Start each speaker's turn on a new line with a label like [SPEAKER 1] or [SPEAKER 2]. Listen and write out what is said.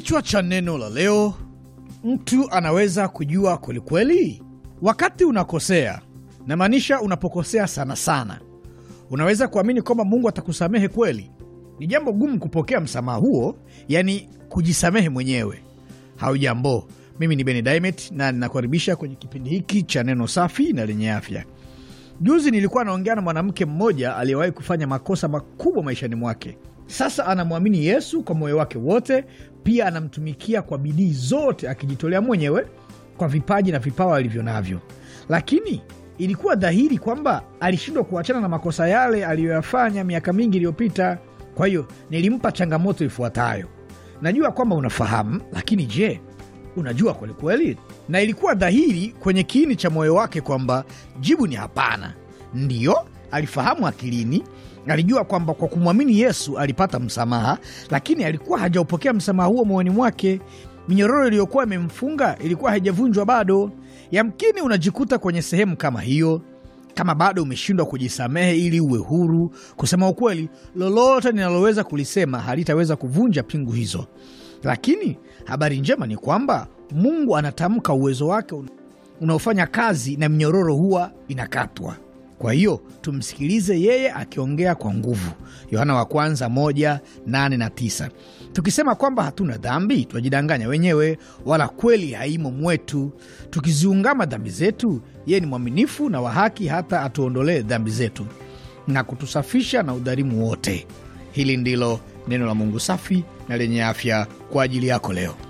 [SPEAKER 1] Kichwa cha neno la leo: mtu anaweza kujua kwelikweli wakati unakosea. Namaanisha unapokosea sana sana, unaweza kuamini kwamba Mungu atakusamehe kweli. Ni jambo gumu kupokea msamaha huo, yaani kujisamehe mwenyewe. Haujambo, mimi ni Beni Dimet na ninakukaribisha kwenye kipindi hiki cha neno safi na lenye afya. Juzi nilikuwa naongea na mwanamke mmoja aliyewahi kufanya makosa makubwa maishani mwake sasa anamwamini Yesu kwa moyo wake wote, pia anamtumikia kwa bidii zote, akijitolea mwenyewe kwa vipaji na vipawa alivyo navyo. Lakini ilikuwa dhahiri kwamba alishindwa kuachana na makosa yale aliyoyafanya miaka mingi iliyopita. Kwa hiyo nilimpa changamoto ifuatayo. Najua kwamba unafahamu, lakini je, unajua kwelikweli? Na ilikuwa dhahiri kwenye kiini cha moyo wake kwamba jibu ni hapana. Ndiyo alifahamu akilini, alijua kwamba kwa kumwamini Yesu alipata msamaha, lakini alikuwa hajaupokea msamaha huo moyoni mwake. Minyororo iliyokuwa imemfunga ilikuwa haijavunjwa bado. Yamkini unajikuta kwenye sehemu kama hiyo, kama bado umeshindwa kujisamehe ili uwe huru. Kusema ukweli, lolote ninaloweza kulisema halitaweza kuvunja pingu hizo, lakini habari njema ni kwamba Mungu anatamka uwezo wake unaofanya kazi na minyororo huwa inakatwa. Kwa hiyo tumsikilize yeye akiongea kwa nguvu, Yohana wa kwanza moja nane na tisa. Tukisema kwamba hatuna dhambi twajidanganya wenyewe, wala kweli haimo mwetu. Tukiziungama dhambi zetu, yeye ni mwaminifu na wa haki, hata atuondolee dhambi zetu na kutusafisha na udhalimu wote. Hili ndilo neno la Mungu safi na lenye afya kwa ajili yako leo.